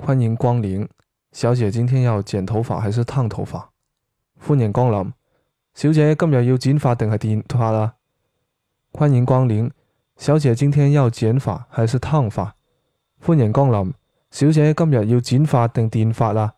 歡迎光臨，小姐，今天要剪頭髮還是燙頭髮？歡迎光臨，小姐，今日要剪髮定係電髮呀？歡迎光臨，小姐，今天要剪髮還是燙髮？歡迎光臨，小姐，今日要剪髮定電髮呀？